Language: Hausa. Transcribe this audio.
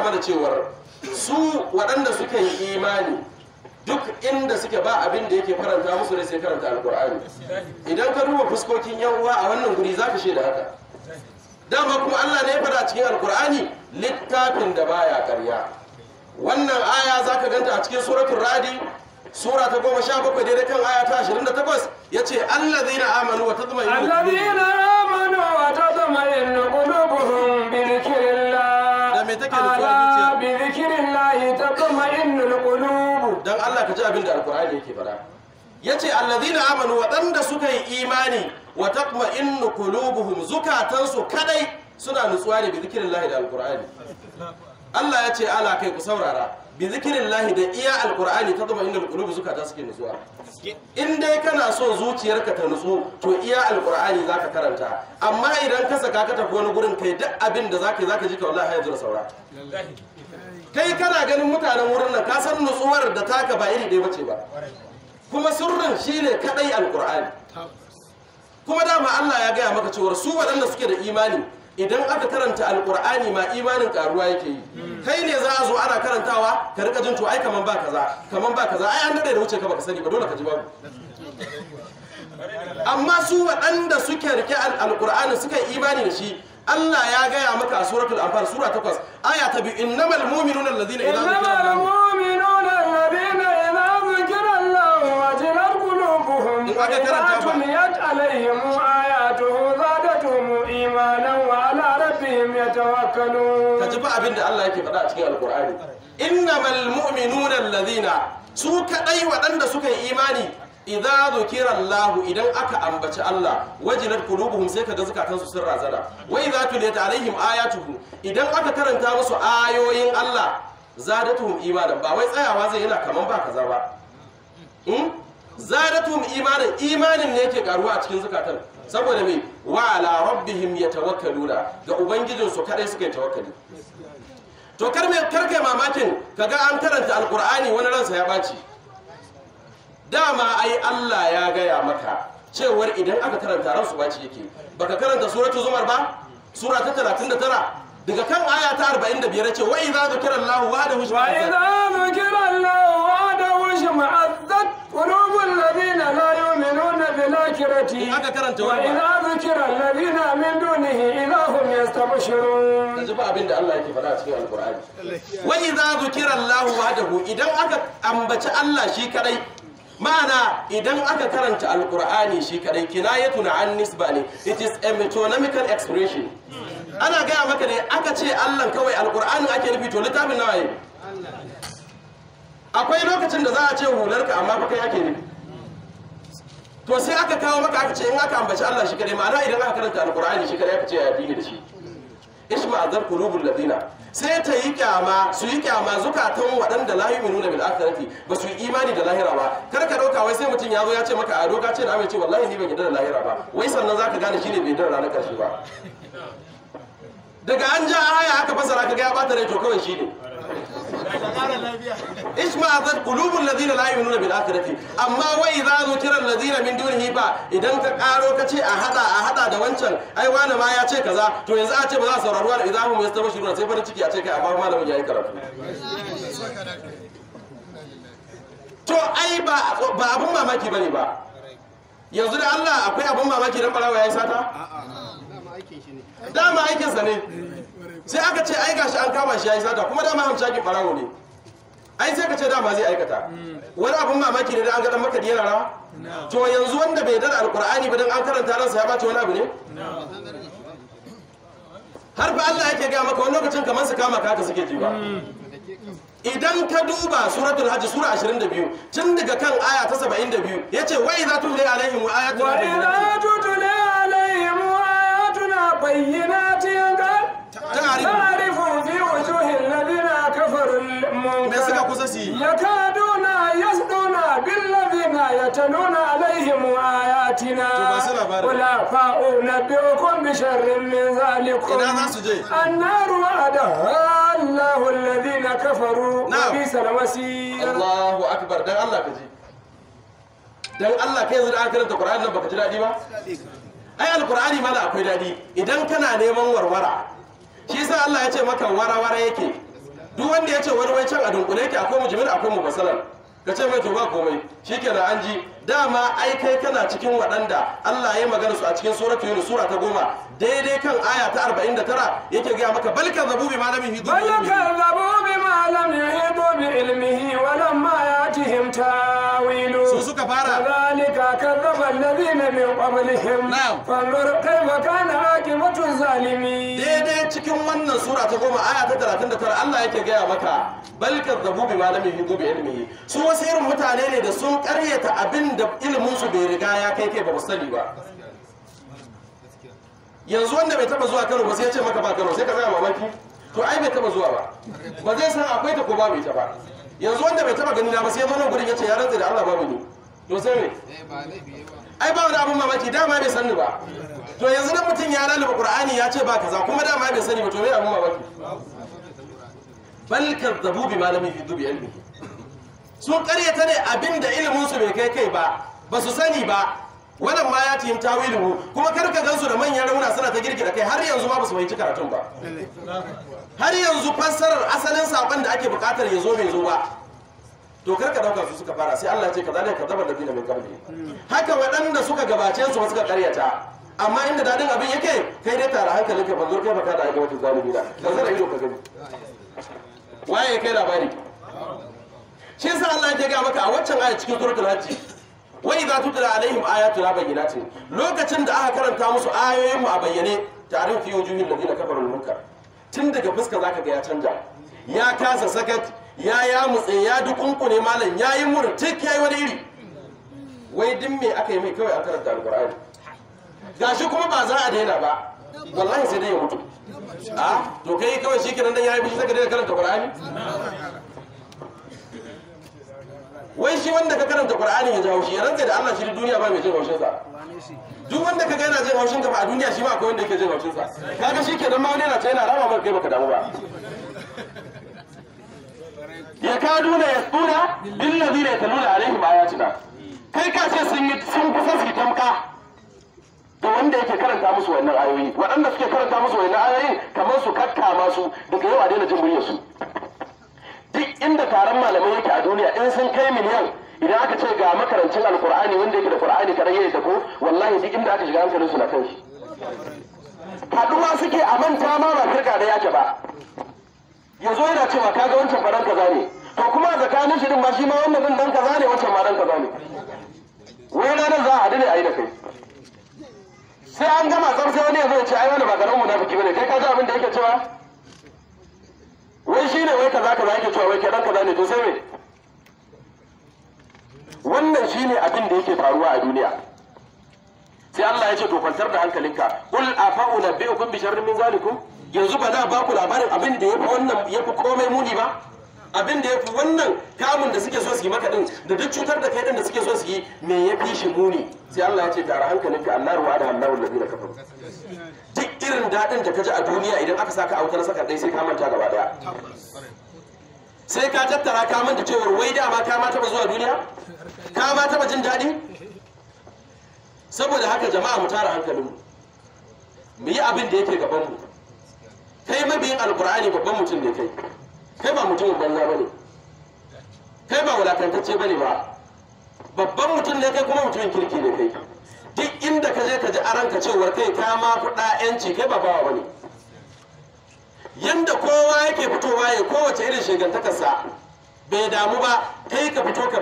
nuna mana cewar su waɗanda suke yi imani duk inda suke ba abin da yake faranta musu da sai karanta alkur'ani idan ka duba fuskokin yan uwa a wannan guri za ka da haka dama kuma Allah ne ya faɗa cikin alkur'ani littafin da baya ƙarya wannan aya zaka ganta a cikin suratul radi sura ta goma sha bakwai daidai kan aya ta ashirin da takwas ya ce Allah amanu wa ta zama amanu wa ta qulubuhum ala Allah ka ji abin da alqur'ani yake fara yace alladhina amanu waɗanda suka yi imani wa tatma'innu qulubuhum zukatansu kadai suna nutsuwa da bi lahi da alqur'ani Allah ya ce ala kai ku saurara bi zikirin lahi da iya alkur'ani ta zama inda suka ta suke nutsuwa in dai kana so zuciyarka ta nutsu to iya alkur'ani ka karanta amma idan ka saka ka tafi wani gurin kai duk abin da zaka yi zaka ji ka wallahi ya da saura kai kana ganin mutanen wurin nan ka san nutsuwar da taka ba iri ɗaya bace ba kuma sirrin ne kaɗai alkur'ani kuma dama Allah ya gaya maka cewa su waɗanda suke da imani idan aka karanta alkur'ani ma imanin karuwa yake yi kai ne za a zo ana karantawa ka rika jin to ai kaman ba kaza kaman ba kaza ai an dade da wuce ka baka sani ba dole ka ji babu amma su waɗanda suke rike alkur'ani suka yi imani da shi Allah ya gaya maka a suratul anfal sura 8 aya ta bi innamal mu'minuna allazina idza zikra mu'minuna allazina idza zikra Allah rabbihim yatawakkalun ba abin da Allah yake faɗa a cikin alqur'ani innamal mu'minuna alladhina su kaɗai waɗanda suka yi imani idza dhukira Allah idan aka ambaci Allah wajilat qulubuhum sai kaga zukatansu sun razana wa idza tuliyat alaihim ayatuhu idan aka karanta musu ayoyin Allah zadatuhum imanan ba wai tsayawa zai yana kaman ba kaza ba hmm? zadatuhum imanan imanin ne ke karuwa a cikin zukatan saboda mai wa ala rabbihim yatawakkaluna ga ubangijinsu kadai yi tawakkali to kar ma karke mamakin ga an karanta alkur'ani wani ransa ya baci dama ai Allah ya gaya maka cewar idan aka karanta ransu baci yake baka karanta suratul zumar ba sura ta 39 daga kan aya ta 45 ce wa'i za ka kiran lahu wa da dhukira الآية aka karanta wa idza alladhina min dunihi ilahum abin da Allah yake cikin alqur'ani wa idza Allah wahdahu idan aka ambaci Allah shi kadai ma'ana idan aka karanta alqur'ani shi kadai kinayatun an it is a metonymical expression ana gaya maka ne aka ce Allah kawai alqur'ani ake nufi to littafin nawaye akwai lokacin da za a ce hularka amma fa kai ake nufi to sai aka kawo maka aka ce in aka ambaci Allah shi kare ma'ana idan aka karanta alqur'ani shi kare aka ce ya dini da shi isma azab qulubul ladina sai ta yi kyama su yi kyama zukatan waɗanda la yu'minuna bil akhirati ba su yi imani da lahira ba kar ka dauka wai sai mutum ya zo ya ce maka a doka ce da amince wallahi ni ban yarda da lahira ba wai sannan zaka gane shine bai yarda da ranar karshe ba daga an ja aya aka fasara ka ga ya bata rai to kawai ne. isma azat kulubun lazina la yu'minuna bil akhirati amma wa idza zutira lazina min dunihi ba idan ka karo ka ce a hada a hada da wancan ai wani ma ya ce kaza to yanzu a ce ba za a saurari wani idan mu yasta bashiruna sai farin ciki a ce kai a amma malamin yayi karatu to ai ba ba abun mamaki bane ba yanzu da Allah akwai abun mamaki dan barawa yayi sata dama aikinsa ne sai aka ce ai gashi an kama shi yayi sata kuma dama hamshakin barawo ne ai sai ka ce dama zai aikata wani abun mamaki ne da an ga dan makadi yana rawa to yanzu wanda bai dara alqur'ani ba dan an karanta ransa ya bace wani abu ne har fa Allah yake ga maka wani lokacin kamar su kama ka suke ji ba idan ka duba suratul hajj sura 22 tun daga kan aya ta 72 yace wa idza tutla alaihim ayatuna wa ayatuna bayyinatin suna kusa su yi yakaduna ya billadhina yatanuna alaihim ayatina wala fa'u nabiyukum bi sharrin min zalikum ina za su je annaru ada Allahu alladhina kafaru bi salamasi Allahu akbar dan Allah kaji dan Allah kai yanzu da aka kiranta Qur'ani nan baka ji dadi ba ai alqur'ani da akwai dadi idan kana neman warwara shi sa Allah ya ce maka warware yake duk wanda ya ce wani wai can a dunkule yake akwai mujimin akwai mufassalan ka ce mai to ba komai shikenan an ji dama ai kai kana cikin waɗanda Allah ya yi magana su a cikin suratu yunus sura ta goma daidai kan aya ta 49 yake gaya maka balkan zabu bi malamin hidu balkan zabu bi malamin hidu bi ilmihi ma yatihim tawilu su suka fara zalika kadzaba alladhina min qablihim fanzur kayfa kana aqibatu zalimin daidai cikin wannan sura ta goma aya ta 39 Allah yake gaya maka balkan zabu bi malamin hidu bi ilmihi su wasu irin mutane ne da sun karyata abin da ilmin su bai riga ya kai kai ba sani ba yanzu wanda bai taba zuwa kano ba sai ya ce maka ba kano sai ka zama mamaki to ai bai taba zuwa ba ba zai san akwai ta ko babu ita ba yanzu wanda bai taba na ba sai mana gurin ya ce ya rantsa da Allah babu ni to sai me eh, ai ba wani abun mamaki dama bai sani ba to yanzu nan mutum ya lalaba qur'ani ya ce ba kaza kuma dama bai sani ba to me abun mamaki bal kadzabu bi malami fi dubi ilmi sun karyata ne abinda ilmin su bai kai kai ba ba su sani ba wannan ma ya tihim tawilu kuma kar ka gansu da manyan rauna suna ta girki da kai har yanzu ma ba su fahimci karatun ba har yanzu fassarar asalin saban da ake bukatar ya zo bai zo ba to karka ka dauka su suka fara sai Allah ya ce zalika kazaba da bina mai qabli haka waɗanda suka gabace su suka karyata amma inda dadin abin yake kai dai tara hankalinka ban zo kai baka da aika wata zalimi da ka da ido ka gani waye kai labari shi yasa Allah ya ga maka a waccan aya cikin suratul hajj wa idza tutla alaihim ayatuna bayyinatin lokacin da aka karanta musu ayoyin mu a bayyane tarin fi da ladina kafaru munkar tun daga fuska zaka ga ya canja ya kasa sakat ya ya mutse ya dukunkune malam yayi murtik yayi wani iri wai din me aka yi mai kawai an karanta alqur'ani gashi kuma ba za a daina ba wallahi sai dai ya mutu a ah, to kai kawai shi kenan dan yayi bishi saka daina karanta alqur'ani wai shi wanda ka karanta qur'ani ya ji shi ya rantsa da Allah shi duniya ba mai jin haushin sa duk wanda ka gana jin haushin ka ba a duniya shi ma akwai wanda yake jin haushin sa kaga shi ke ma mawani yana tsaye na rama ba kai baka damu ba ya duna ya tsura bin nazira ya taluna ya cina kai ka ce sun yi sun kusa su tamka da wanda yake karanta musu wannan ayoyi waɗanda suke karanta musu wannan ayoyin kamar su kakka masu daga yau a daina jin muryarsu. su duk inda taron malamai yake a duniya in sun kai miliyan idan aka ce ga makarancin alkur'ani wanda yake da qur'ani kadan yayi ko wallahi duk inda aka shiga hankalin su na kan shi faduwa suke a manta ma ba firka da yake ba yanzu yana cewa kaga wancan faran kaza ne to kuma tsakanin shi din ma shi ma wannan din dan kaza ne wancan ma dan kaza ne wai na nan za a haɗu ne a yi da kai sai an gama tsar wani yanzu ya ce ai wani ba garin munafiki bane kai ka ji abin da yake cewa wai shi ne wai kaza kaza yake cewa wai kai ka kaza ne to sai me wannan shi ne abin da yake faruwa a duniya sai Allah ya ce to kwantar da hankalinka qul afa unabbiukum bi sharrin min zalikum yanzu ba za ba ku labarin abin da yafi wannan yafi komai muni ba abin da yafi wannan kamun da suke so su yi maka din da duk cutar da kai din da suke so su yi me yafi shi muni sai Allah ya ce tara hankalinka annaru wa da Allahu da kafaru irin daɗin da ka ji a duniya idan aka saka a wutar sakar ɗai sai ka manta gaba ɗaya sai ka tattara ka manta cewar wai dama ka ma taɓa zuwa duniya ka ma taɓa jin daɗi saboda haka jama'a mu tara hankalinmu mu yi abin da yake gabanmu kai mabiyin alkur'ani babban mutum ne kai kai ba mutumin banza ba ne kai ba wulakantacce ba ne ba babban mutum ne kai kuma mutumin kirki ne kai duk inda ka je ka ji aranka cewa kai ka ma kuɗa yanci kai ba bawa bane yanda kowa yake fitowa ya kowace irin shigantakarsa bai damu ba kai ka fito ka